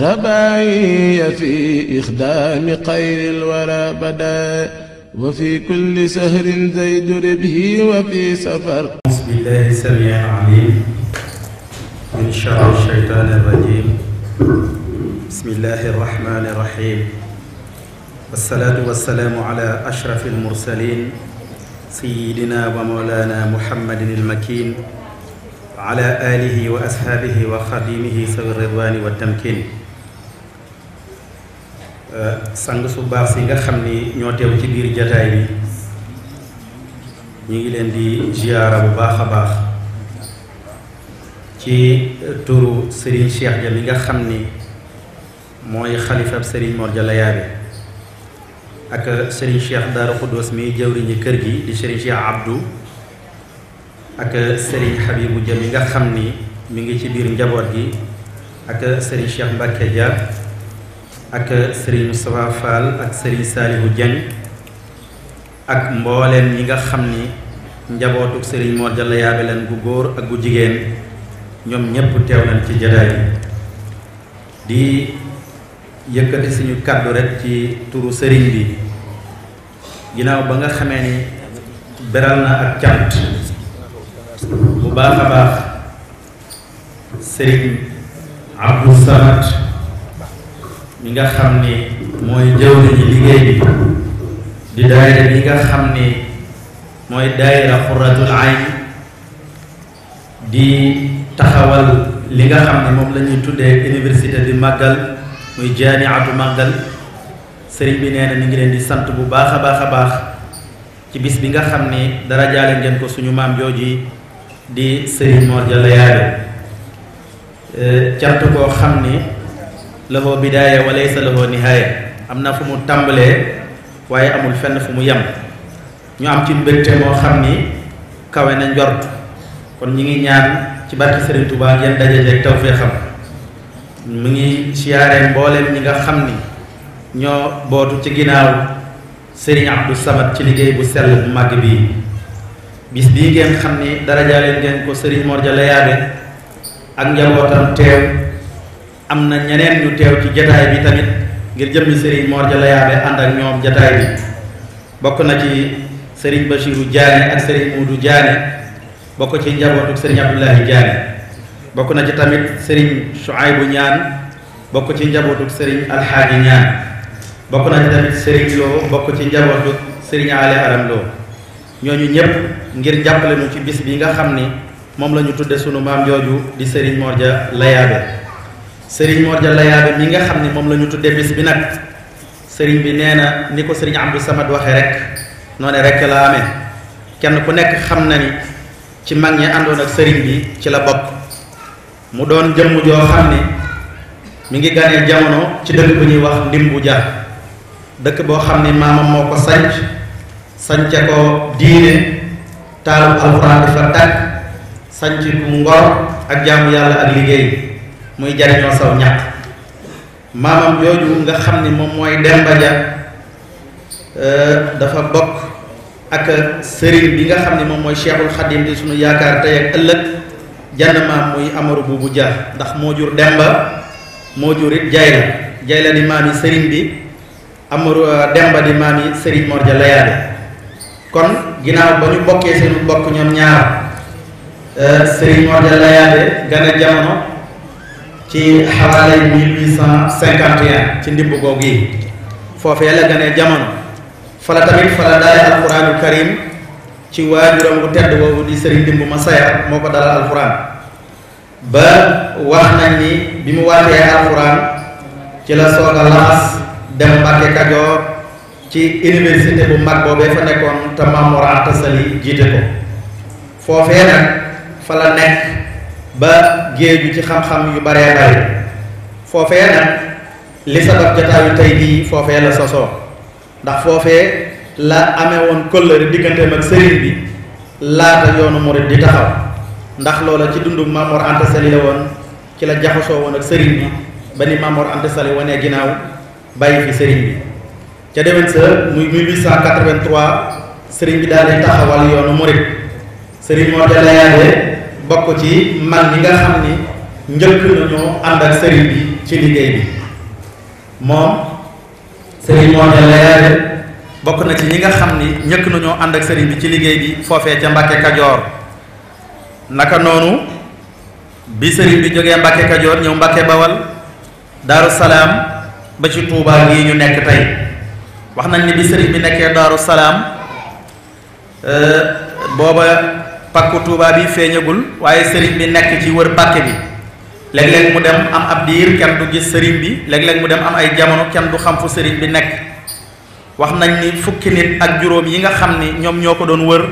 رباعي في إخدام قير الورى بدا وفي كل سهر زيد ربه وفي سفر بسم الله السميع العليم من شر الشيطان الرجيم بسم الله الرحمن الرحيم والصلاة والسلام على أشرف المرسلين سيدنا ومولانا محمد المكين على آله وأصحابه وخديمه سوى الرضوان والتمكين Eh, sang su baax si nga xamni ni ñoo teew ci biir jotaay bi ñi ngi leen di ziyara bu ci eh, turu Serigne Cheikh ja mi nga xamni moy khalifa Serigne Mor Dia Layabe ak eh, Serigne Cheikh daru Khoudoss mi ñi kër gi di Serigne Cheikh Abdou ak Serigne habibu Dia nga xamni mi ngi ci biir njabot gi ak Serigne Cheikh Mbacke Dia ak sëriñ Moustapha Fall ak sëriñ Salihu Dieng ak mbooleem ñi nga xam ni njabootuk sëriñ Mor Jalla yaabe leen gu góor ak gu jigéen ñoom ñépp teew nañ ci jataay bi di yëkkati suñu kàddu rek ci turu sëriñ bi ginnaaw ba nga xamee ni beral na ak cant bu baax sëriñ Abdou Samad mi nga xam ni mooy jëw bi di daayira bi nga xam ni daayira xuratul ayn di taxawal li nga xam ne moom la université di màggal muy jaaniatu màggal sëriñ bi nee na mi ngi leen di sant bu baax a baax a baax ci bis bi nga xam ni dara jaale ngeen ko suñu maam jooji di sëriñ Mor Jalla Yaabe cant koo xam ni lahoo bidaaya wa laysa lahoo nihaaya am na fu mu tàmbalee waaye amul fenn fu mu yem ñoo am ci mbégte moo xam ni kawe na njort kon ñi ngi ñaan ci barke Serigne Touba ngeen dajeeg tawfeexam mu ngi siyaare mbooleem ñi nga xam ni ñoo bootu ci ginnaaw Serigne Abdou Samad ci liggéey bu sell bu màgg bii bis bii ngeen xam ni daraja leen ngeen ko Serigne Mor Dia Layabe ak njabootam teew am na ñeneen ñu teew ci jataay bi tamit ngir jëmmi sëriñ Mor Jalla Yaabe ànd ak ñoom jataay bi bokk na ci sëriñ Bachiru Diané ak sëriñ Muudu Diané bokk ci njabootu sëriñ Abdullahi Diané na ci tamit sëriñ Shuaybu Ñaan bokk ci njabootu sëriñ Alxaaji Ñaan bokk na ci tamit sëriñ Lo bokk ci njabootu sëriñ Ale Aram Lo ñooñu ñépp ngir jàppale nu ci bis bi nga xam ni moom lañu ñu tudde sunu maam jooju di sëriñ Mor Jalla Sering modja Jalla Yaabe mi nga xamni mom lañu tuddé sering bis bi nak serigne bi néna niko serigne ko Abdou Samad waxé rek noné rek la amé kenn ku nek xamna ni ci mag ñi àndoon ak serigne bi ci la bok mu doon jëm joo xam mi ngi gane jamono ci dëkk bu ñuy wax Ndimbu Ja dëkk bo xamni moko sañ sañ ko diiné taalu alquran fa tak sañ ci ngor ak jamu yalla ak liggéey muy jarino saw ñak mamam joju nga xamni ni moy Demba Ja euh, dafa bok ak serigne bi nga xamni mom moy Cheikhul Khadim di sunu yaakaar tay ak ëllëg jann maam muy Amaru bubu Ja ndax mo jur Demba moo jur it Jayla Jayla di mami serigne bi Amaru euh, Demba di mami serigne morja Mor kon ginaaw bañu bokké sunu bok ñom ñaar euh serigne morja Layaade gane jamono ci xawaale 1851 ci ndimb googu yi foofee la gane jamono fala tamit fala daay alquran karim ci waajuram bu tedd boobu di sëriñ ndimb ma sayar moo ko dalal alquran ba wax nañ ni bi mu wàccee alquran ci la soog a laas dem Mbàkke Kajoor ci université bu mag boobee fa nekkoon te jiite ko foofee nag fa la ba géeju ci xam-xam yu baree bari foofee nag li sabab jataayu tey jii foofee la sosoo ndax foofee la amee woon kóllëre digganteem ak sëriñ bi laata yoonu murid di taxaw ndax loola ci dundu Mamor Anta Sali la woon ci la jaxasoo woon ak sëriñ bi ba ni Mamor Anta Sali wanee ginnaaw bàyyi fi sëriñ bi ca déwén sa muy 1883 sëriñ bi daal di taxawal yoonu murid sëriñ moo ca layaatee bokk ci man ñi nga xam ni njëkk nañoo ànd ak sëriñ bi ci liggéey bi moom sëriñ moo ne leer bokk na ci ñi nga xam ni njëkk nañoo ànd ak sëriñ bi ci liggéey bi foofee ca Mbàkke Kajoor naka noonu bi sëriñ bi jógee Mbàkke Kajoor ñëw Mbàkke Bawal Daaru Salaam ba ci Tuubaa gii ñu nekk tey wax nañ ni bi sëriñ bi nekkee Daaru Salaam euh, booba pàkku Touba bi feeñagul waaye sëriñ bi nekk ci wër pàkk bi léeg-léeg mu dem am ab diir kenn bu gis sëriñ bi léeg-léeg mu dem am ay jamono kenn du xam fu sëriñ bi nekk wax nañ ni fukki nit ak juróom yi nga xam ni ñoom ñoo ko doon wër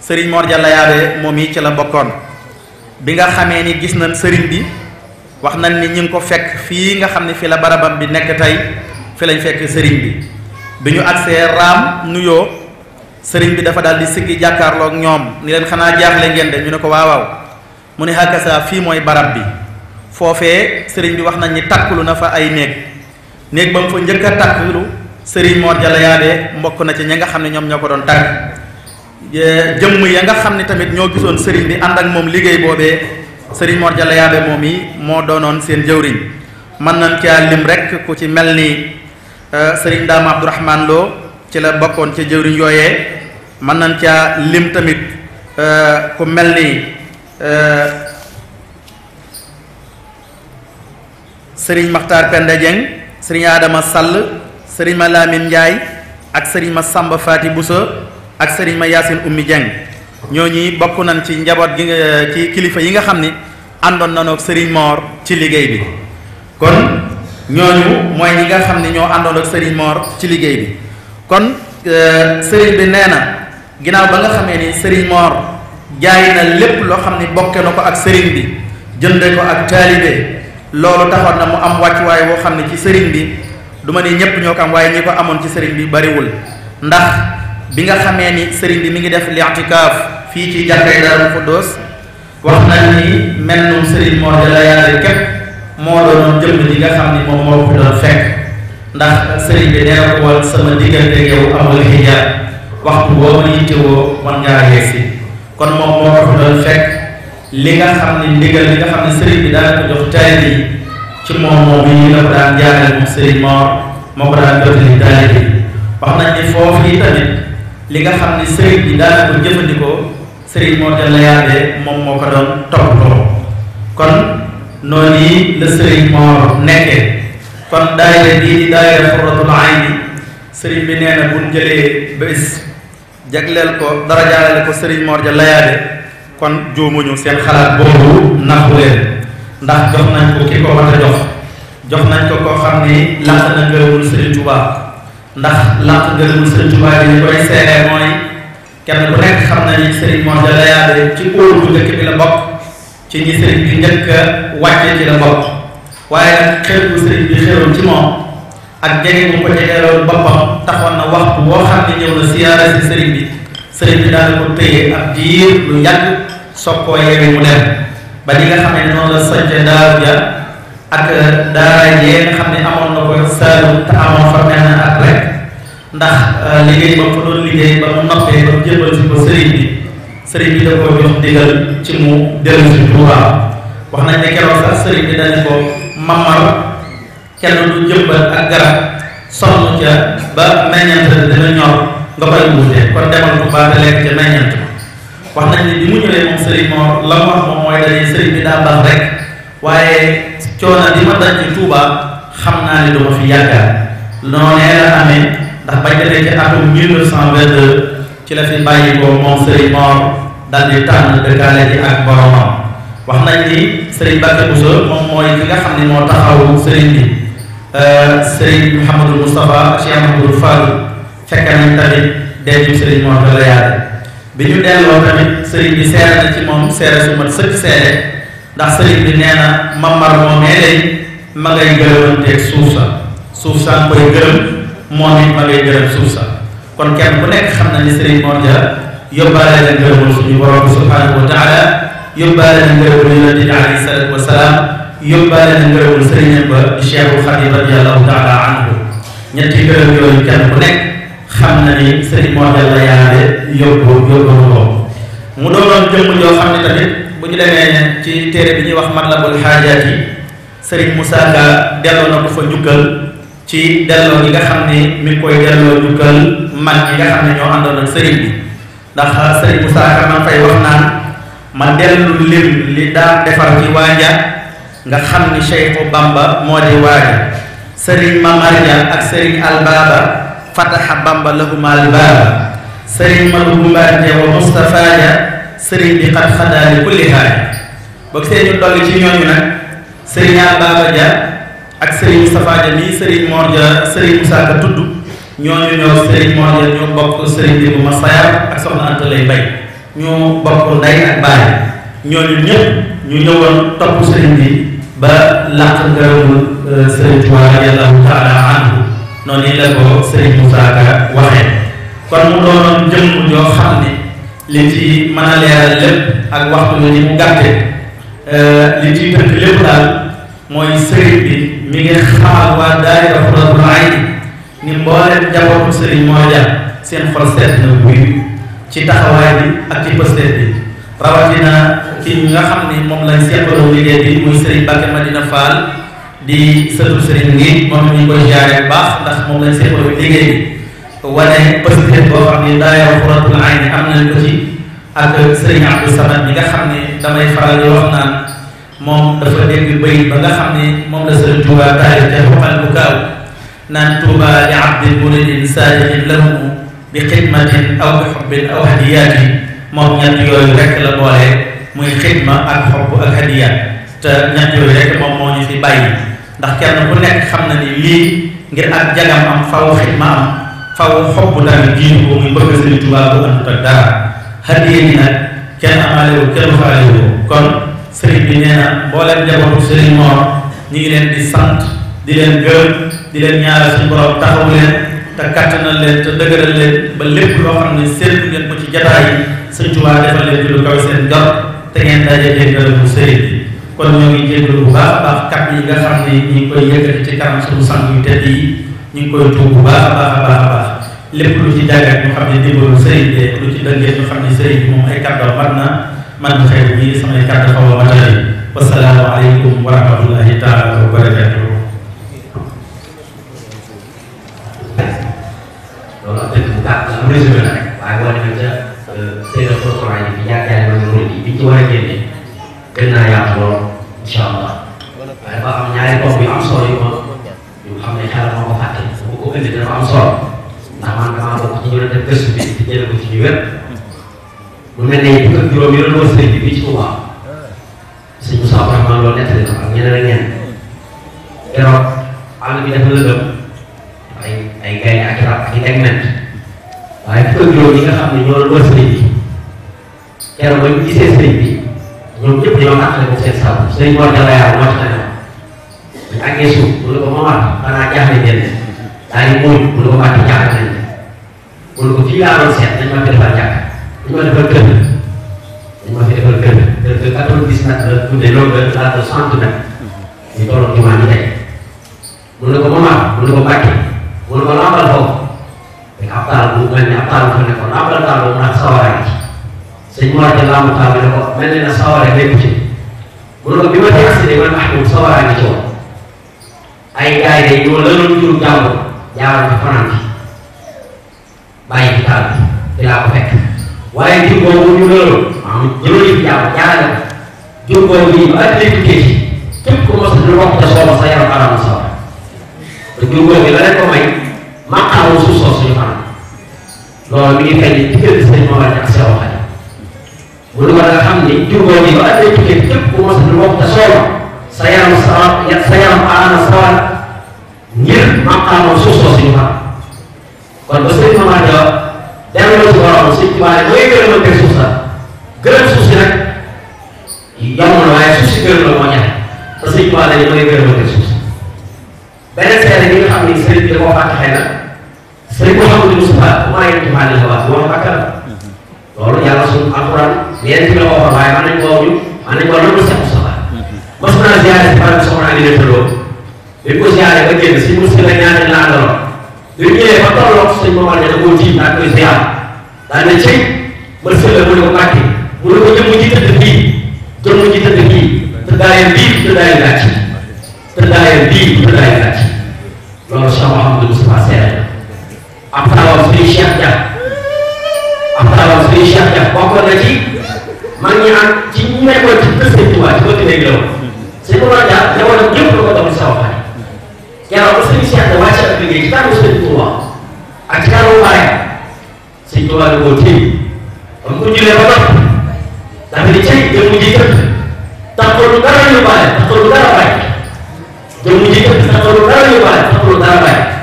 sëriñ Mor Jalla moom yi ci la bokkoon bi nga xamee ni gis na sëriñ bi wax nañ ni ñu ngi ko fekk fii nga xam ne fi la barabam bi nekk tey fi lañ fekk sëriñ bi bi ñu agsee raam nuyoo sëriñ bi dafa daal di siggi jàkkaarloo ñoom ni leen xanaa jaaxle ngeen de ñu ne ko waawaaw mu ne hakasa fii mooy barab bi foofee sëriñ bi wax nañ ni takklu na fa ay néeg néeg ba mu fa njëkk a takklu sëriñ Mor Jalla mbokk na ci ña nga xam ne ñoom ñoo ko doon tàgg jëmm ya nga xam ne tamit ñoo gisoon sëriñ bi ànd ak moom liggéey boobee sëriñ Mor Jalla moom yi moo doonoon seen jëwriñ mën nañ caa lim rek ku ci mel ni euh, sëriñ Daama Abdourahman Lo ci la bokkoon ca jëwriñ yooye mën nañ ca lim tamit euh, ku mel ni euh, sëriñ Maxtaar Penda sëriñ aadama Sall sëriñ ma Lamine Ndiaye ak sëriñ ma Samba Fati Bousso ak sëriñ ma Yacine Oumy Dieng ñooñu bokk nañ ci njaboot gi ci kilifa yi nga xam ni àndoon nañoo ak sëriñ Mor ci liggéey bi kon ñooñu mooy ñi nga xam ne ñoo àndoon ak sëriñ Mor ci liggéey bi. kon euh, sëriñ bi nee na ginnaaw ba nga xamee ni sëriñ Mor jaay na lépp loo xam ne bokke na ko ak sëriñ bi jënde ko ak taalibe loolu taxoon na mu am wàccuwaay woo xam ne ci sëriñ bi du ma ni ñépp ñoo ko am waaye ñi ko amoon ci sëriñ bi bariwul ndax bi nga xamee ni sëriñ bi mi ngi def li'tikaaf fii ci jàkkay Daaru Xuddoos wax nañ ni mel noonu sëriñ Mor Jalla Yaare képp moo doon jëm li nga xam ni moom moo ko doon fekk ndax sëriñ bi nee na wal sama diggante yow amul xijaab waxtu boo ma yittewoo mën ngaa yegsi kon moom moo ko doon fekk li nga xam ne ndigal li nga xam ne sëriñ bi daal ko ko daan jaarale moo ko daan jotali taalibe li nga xam ne sëriñ bi daal ko jëfandikoo moom moo ko doon toppatoo kon noonu yi la sëriñ Mor nekkee kon daayira bii di daayira xurratul ayni sëriñ bi nee na buñ jëlee bés jagleel ko darajaalale ko sëriñ Mor Dia Layaade kon juumuñu seen xalaat boobu naxu ndax jox nañ ko ki ko war a jox jox nañ ko koo xam ni laata na ngërëmul sëriñ Touba ndax laata ngërëmul sëriñ Touba bi koy seeree mooy kenn ku nekk xam na sëriñ Mor Dia Layaade ci óolu njëkk bi la bokk ci ñi sëriñ bi njëkk wàcce ci la bokk waaye nag xel bu sëriñ bi xeroon ci ak jege bu ko jegeeloon boppam taxoon na waxtu woo xam ne ñëw na siyaara si sëriñ bi sëriñ bi daal ko téye ab diir lu ba li nga xam ne amoon na ko saalum te amoon fa euh, mu noppee sëriñ bi sëriñ bi da koo wax nañ ne keroog sax sëriñ bi dañ ko mamar kenn du jëmbal ak garab sonn ca ba meññeent dina ñor nga koy wuute kon demal ko ba te ca meññeent wax nañ ne mu ñëwee moom sëriñ moo la moom mooy dañuy sëriñ bi daa rek waaye coono di ma daj ci Touba xam naa ne duma fi yàggal noonee la amee ndax bañ a nekk atum 1922 ci la fi ko moom sëriñ Mor daal di dëkkaale ji ak boromam wax nañ ni Serigne Bakké Bousso moom mooy ki nga xam ne moo taxawu Serigne bi euh, Serigne Mouhamadou Moustapha Cheikh Amadou Fall fekk nañ tamit denc Serigne moo la yaale bi ñu delloo tamit Serigne bi seere na ci moom seere su mat sëkk seere ndax Serigne bi nee na mamar moomee day ma ngay gërëmanteeg suuf sa suuf sa koy gërëm moom it ma ngay gërëm suuf sa kon kenn ku nekk xam na ni Serigne Mor Dia yóbbaale la gërëmul suñu borom subhanahu wa taala yóbbaale na ngërëmul yonente bi alayhi salaatu wa salaam yóbbaale na ngërëmul sëriñam ba di Cheikhul Xadim radiyallahu anhu ñetti gërëm yooyu kenn ku na ni sëriñ moo yàlla yaale yóbbu yóbbu ko mu doonoon jëmm joo xam ne tamit bu ñu demee ci téere bi ñuy wax matlabul la yi sëriñ Moussa Ka delloo na ko fa njukkal ci delloo yi nga xam ni mi ngi koy delloo njukkal mag yi nga xam ne ñoo àndoon ak sëriñ bi ndax sëriñ Moussa man fay wax naan ma dellu lim li daan defar ci waaja nga xam ni Cheikhu Bamba moo di waaja sëriñ Mamarja ak sëriñ Albaaba fataxa Bamba lahuma albaaba sëriñ Madu Mbaante ja sëriñ bi xat xadaali kulli haay boog seen ñu ci ñooñu nag sëriñ Albaaba ja ak sëriñ Mustafa ja nii sëriñ Mor ja sëriñ Musaa tudd ñooñu ñoo sëriñ Mor ja ñoo bokk sëriñ bi bu ma sayar ak soxna Anta lay bay ñu bokk ndey ak baay ñooñu ñëpp ñu ñëwoon topp sëriñ bi ba làq ngërëmul euh, sëriñ Tuubaa radiyallaahu taala anhu noonu la ko sëriñ Moussa waxee kon mu doonoon jëmm joo xam ne li ci mën a leeral lépp ak bi mu gàtte euh, li ci tënk lépp daal mooy ngi xamal waa daayira njabootu sëriñ moo jar seen xol na buy ci taxaway bi ak ci pëstéef bi rawatina ci nga xamni mom moom lañ seqaloo liggéey bi muy Serigne Bakke Madina Fall di sëtu Serigne ngi moom ñu ko jaaree baax ndax mom lañ seqaloo liggéey bi wone pëstéef bo xamni daay daayoo xuratul ayn amna ko ci ak Serigne Abdou Samad bi nga xamni damay faral di wax naan mom dafa dégg bay ba nga xamni mom la Serigne Touba daay te xamal bu kaaw nan Touba li abdul mulid saadiqin lahu bikhidmatin aw bihubbin aw hadiyati moom ñett yooyu rek la boole muy xidma ak xobb ak hadiya te ñett yooyu rek moom moo ñu fi bàyyi ndax kenn ku nekk xam na ni lii ngir ak jagam am faw xidma am faw xobb tamit jiitu ko muy bëgg sëriñ tubaa bu andut ak dara hadiya ni nag kenn amaalewu kenn kon sëriñ bi nee na mbooleem njabootu sëriñ moor ñu ngi leen di sant di di leen ñaara suñu borom taxaw leen te kattanal leen te dëgëral leen ba lépp loo xam ne seetlu ngeen ko ci jataay yi Sëñ Tuubaa defal leen lu kaw seen jot te ngeen daje jéggal bu sëriñ bi kon ñoo ngi jéggal bu baax a baax kat yi nga xam ne ñu ngi koy yëkkati ci kanam suñu sang yu tedd yi ñu koy tuub baax a baax a baax lépp lu ci jàngat ñu xam ne dimbalu sëriñ bi lu ci dëngee ñu xam ne sëriñ moom ay kàddoom mat na man xëy bi samay kàddu xaw a matali wasalaamu aleykum wa rahmatullahi taala wa résumé la rek waaye boo demee ca seen doctorat yi fi jaar jaay ma murid yi biñ ci war a génne gën naa yaatu lool incha allah waaye dafa am ñaari tomb yu am solo yu ma yu xam ne xelal moo ko fàtte bu ko indi dafa am solo ndax man damaa bokk ci ñu doon def gëstu bi di jëlee ko ci ñu wér mu mel ne fukk ak juróom yi doon wër sëriñ bi fii ci Touba sëñ Moussa Abdourahmane loolu nettali ko ak ñeneen ak ñeneen keroog àll bi dafa lëndëm ay ay gaynde ak i rab ak i tegment waaye bu ko juróom yi nga xam ne ñoo doon wër sëriñ bi keroog ba ñu gisee sëriñ bi ñoom ñëpp dañoo àqale ko seen saabu sëriñ Mor Jalla Yaar moo ci tane bu àggee suuf mu ne ko moomaat xanaa jaaxle ngeen ne daal di muñ mu ne ko fàtte jaaxle nañ mu ne ko fii laa doon seet dañ ma fi defal jàkk dañ ma defal kër dañ ma fi defal kër kër de quatre-vingt-dix-neuf la tudde longueur la de cent mètres ñu tolloon jumaa ñu tey mu ne ko moomaat mu ne ko mbàkke mu ne ko lambal foofu kapal bukan kapal kana ko apal ka ko na Semua señor de lamu ta be ko melni na sawari be ko bulo bi wati asli man ni to ay gaay de lalu tur jamu jaaw ko fanan bayi ta bi la ko fek waye ci lalu am jëlo ci jaaw jaala ju bo bi ak lepp ke kep ko mo sa wax ta so sa para aram sa loolu mi ngi feeñ diggante sëñ Maodo ak Seydou Khane bu dul nga xam ni jur boobu yi ba ànd ak diggante képp ku mos a bokk te sooba sa yaram sa sa yaram aana sawar ngir am amoon suuf soosu ñu xam kon ba sëñ Maodo delloo si borom sëñ Tuubaa mooy gërëmante suuf sa gërëm suuf si nag yomb na waaye suuf si gërëm la moo ñax ba sëñ Tuubaa dañu mooy gërëmante suuf beneen seede bi nga xam ni sëriñ bi da koo fàtte xëy na sëriñ Mouhamadou Moustapha maa ngi tuxaan li xawaas moom bàkkal loolu yàlla suñu alquran yéen ci la waxoon waaye mën nañ koo ñu mën nañ koo loolu Cheikh Moustapha mos naa ziare si barab soxna Aliou Netteloo bi ko ziare ba génn si mos la ñaanal laa doroon bi ñëwee ba tolloo suñ momal ne da koo tiim daal koy ziar daal ne cëy mos la mu ne ko bàkke mu ne ko jëmm ji tëdd fii jëmm ji tëdd fii tëddaayam bii tëddaayu gàcc tëddaayam bii tëddaayu gàcc loolu Cheikh Mouhamadou Moustapha seere après avoir suñu Cheikh Dia après avoir suñu Cheikh Dia bokkoon na ci mag ñi am ci ñu nekkoon ci kër Sëñ Tuubaa ci bëgg néeg la woon Sëñ Tuubaa Dia jamono ñëpp la ko doon sa waxaat keroog suñu Cheikh Dia wàcce ak liggéey ci tànn Sëñ Tuubaa ak ci tànn Baye Sëñ Tuubaa da koo téye ba mu ko jullee ba noppi dafa di cay jëmm ji tëdd taxawu dara ñu baale taxawu dara baay jëmm ji tëdd taxawu dara ñu baale taxawu dara baay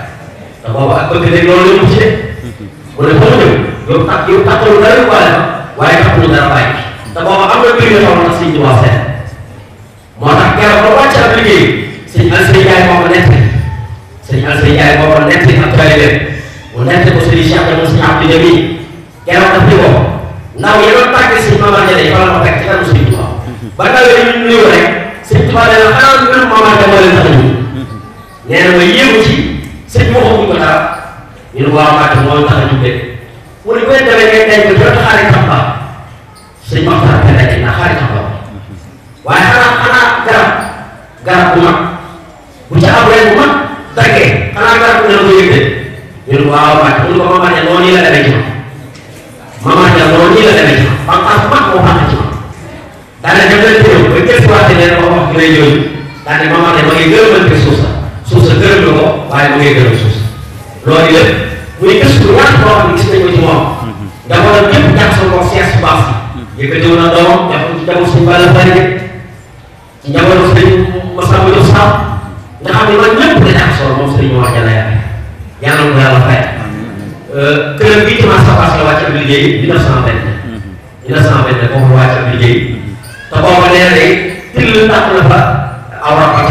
boobu ak bëgg de loolu yëpp ci de bu ne foofu ñëw yow tax yow taxul dara yu baale ma waaye taxul dara bàyyi te boobu am na mbir ko nett sëñ Alsey Ndiaye moo ko nett ak taalibeem mu nett ko sëñ Cheikh Jamono sëñ Abdou Jami keroog daf di ko ndaw yi doon tàgg sëñ Mamadou Ndiaye fa la ko fekk ci kanam sëñ Tuubaa ba ndaw yi a sëñ bi waxoon ko dara ñu ne waaw Mbacke moo tax a ñu dégg mu ne bu leen demee ngay denc ba doon xaari xam-xam sëñ Maxtaar Penda Gueye ndax xaari xam-xam waaye xanaa xanaa garab garab bu mag bu ca am ren bu mag tàggee xanaa garab bu ne la ko yëgee ñu ne waaw Mbacke mu ne ko Mama Dia noonu nii la demee ci ma Mama Dia noonu nii la demee ci ma xam-xam bu mag moo xam ci ma daanaka dem leen turam ba képp ku wax ne leen wax wax gi lay ñëw daanaka Mama Dia ma ngi gërëmal suuf sa segera five-way viruses. Loolu usus luar gëstu waat boo xam ne gis nañ ko ci moom. dafa doon ñëpp jàpp sa bopp seet si baax si. yëkkati wu na doomam def ko ci jamono suñu bàyyi la bari ci jamono sëñ Masamba Diop Sarr nga xam ne man ñëpp la jàpp solo moom sëñ wax jàlla yàlla yàlla mu yàlla fay. këram bii ci Massa Bass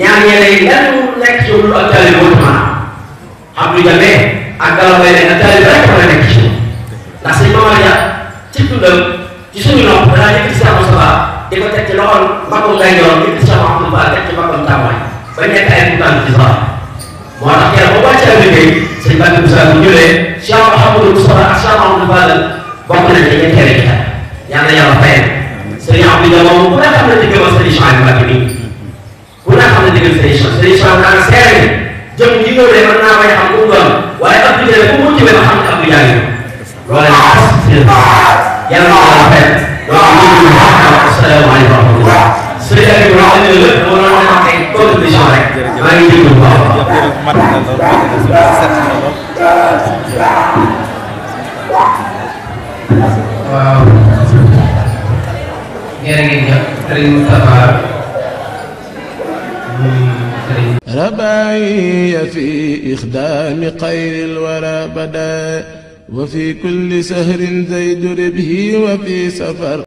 ñaar ñeneen ñaar ñu nekk ci lu ak taalib boo xam Abdou Diame ak Gallo Mbaye ne taalib rek mën a nekk ci ndax sëñ Mame Madiar ci tuddam ci suñu nopp danaa yëkkati Cheikh Moustapha di ko teg ci loxol mbagum ngay yor yëkkati Cheikh Mouhamadou Ba teg ci mbagum tàmmoy ba nekk ay butaan ci sax moo tax kenn bu wàccee liggéey sëñ Bakki Moussa bu ñëwee Cheikh Mouhamadou Moustapha ak Cheikh Mouhamadou Ba bokk nañ ci ñetteel yi yàlla yàlla fayal sëñ Abdou Diame moom ku ne xam na diggam ak sëñ Cheikh Mbacke bi ku ne xam ne diggante Serigne Sam Serigne Sam daan seere ni jëm ji nga wéy mën naa koy xam ku mu doon waaye ab bu ku mu ci xam ne ab bu jaay loolu la yàlla na ko rafet donc ñu ngi asalaamaaleykum wa rahmatulah Serigne Aliou wax dëgg la dama doon wax ay contribution rek maa ngi déglu bu baax waaw jërë ngeen jëf Serigne Moustapha رباعي في إخدام قير الورى بدا وفي كل سهر زيد ربه وفي سفر